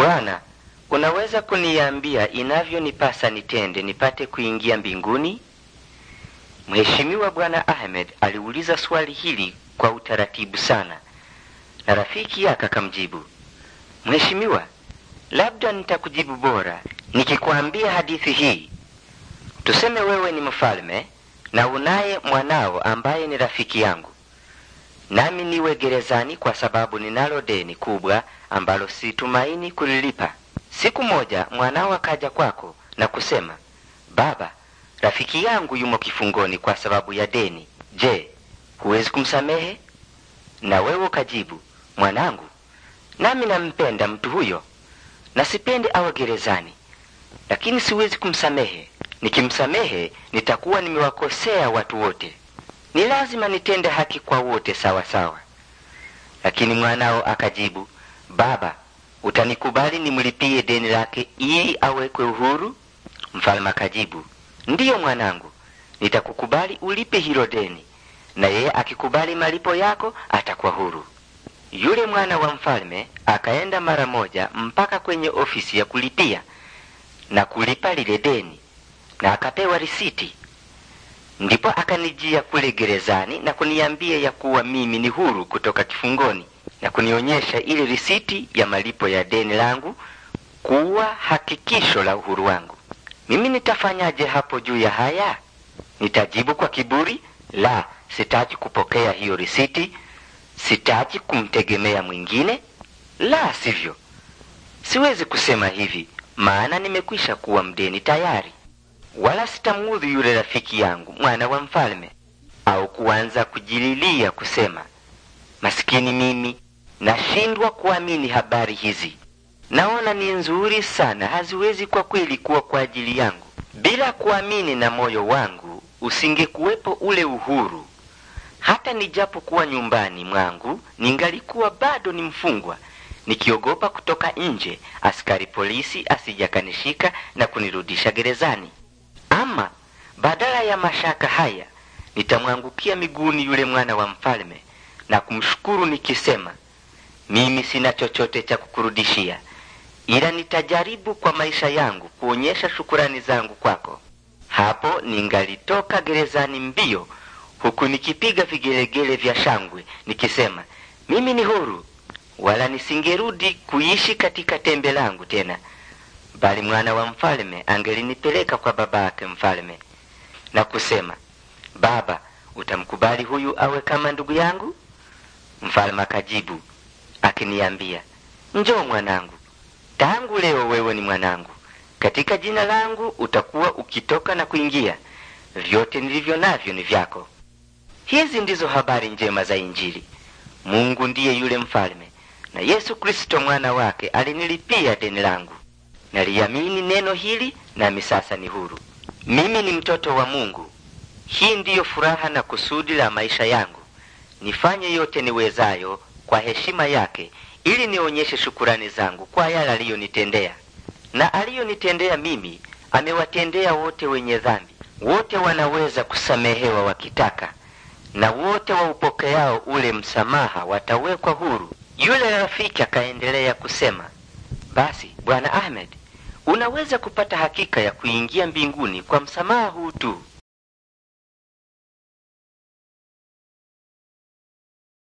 Bwana, unaweza kuniambia inavyonipasa nitende nipate kuingia mbinguni? Mheshimiwa Bwana Ahmed aliuliza swali hili kwa utaratibu sana, na rafiki yake akamjibu, Mheshimiwa, labda nitakujibu bora nikikwambia hadithi hii. Tuseme wewe ni mfalme na unaye mwanao ambaye ni rafiki yangu nami niwe gerezani kwa sababu ninalo deni kubwa ambalo situmaini kulilipa. Siku moja mwanao akaja kwako na kusema, Baba, rafiki yangu yumo kifungoni kwa sababu ya deni. Je, huwezi kumsamehe? Na wewe ukajibu, mwanangu, nami nampenda mtu huyo na sipendi awe gerezani, lakini siwezi kumsamehe. Nikimsamehe nitakuwa nimewakosea watu wote ni lazima nitende haki kwa wote sawa sawa. Lakini mwanao akajibu, baba, utanikubali nimlipie deni lake ili awekwe uhuru? Mfalme akajibu, ndiyo mwanangu, nitakukubali ulipe hilo deni, na yeye akikubali malipo yako atakuwa huru. Yule mwana wa mfalme akaenda mara moja mpaka kwenye ofisi ya kulipia na kulipa lile deni, na akapewa risiti Ndipo akanijia kule gerezani na kuniambia ya kuwa mimi ni huru kutoka kifungoni na kunionyesha ile risiti ya malipo ya deni langu kuwa hakikisho la uhuru wangu. Mimi nitafanyaje hapo juu ya haya? Nitajibu kwa kiburi, la, sitaki kupokea hiyo risiti, sitaki kumtegemea mwingine? La, sivyo, siwezi kusema hivi, maana nimekwisha kuwa mdeni tayari wala sitamuudhi yule rafiki yangu mwana wa mfalme, au kuanza kujililia kusema, masikini mimi, nashindwa kuamini habari hizi, naona ni nzuri sana, haziwezi kwa kweli kuwa kwa ajili yangu. Bila kuamini na moyo wangu usingekuwepo ule uhuru. Hata nijapokuwa nyumbani mwangu, ningalikuwa bado ni mfungwa, nikiogopa kutoka nje, askari polisi asijakanishika na kunirudisha gerezani. Ama badala ya mashaka haya, nitamwangukia miguuni yule mwana wa mfalme na kumshukuru nikisema, mimi sina chochote cha kukurudishia, ila nitajaribu kwa maisha yangu kuonyesha shukurani zangu kwako. Hapo ningalitoka gerezani mbio, huku nikipiga vigelegele vya shangwe nikisema, mimi ni huru, wala nisingerudi kuishi katika tembe langu tena bali mwana wa mfalme angelinipeleka kwa babake mfalme na kusema, Baba, utamkubali huyu awe kama ndugu yangu? Mfalme akajibu akiniambia, njoo mwanangu, tangu leo wewe ni mwanangu, katika jina langu utakuwa ukitoka na kuingia, vyote nilivyo navyo ni vyako. Hizi ndizo habari njema za Injili. Mungu ndiye yule mfalme, na Yesu Kristo mwana wake alinilipia deni langu naliamini neno hili nami sasa ni huru. Mimi ni mtoto wa Mungu. Hii ndiyo furaha na kusudi la maisha yangu, nifanye yote niwezayo kwa heshima yake, ili nionyeshe shukurani zangu kwa yale aliyonitendea. Na aliyonitendea mimi amewatendea wote wenye dhambi. Wote wanaweza kusamehewa wakitaka, na wote waupokeao ule msamaha watawekwa huru. Yule rafiki akaendelea kusema, basi Bwana Ahmed, Unaweza kupata hakika ya kuingia mbinguni kwa msamaha huu tu.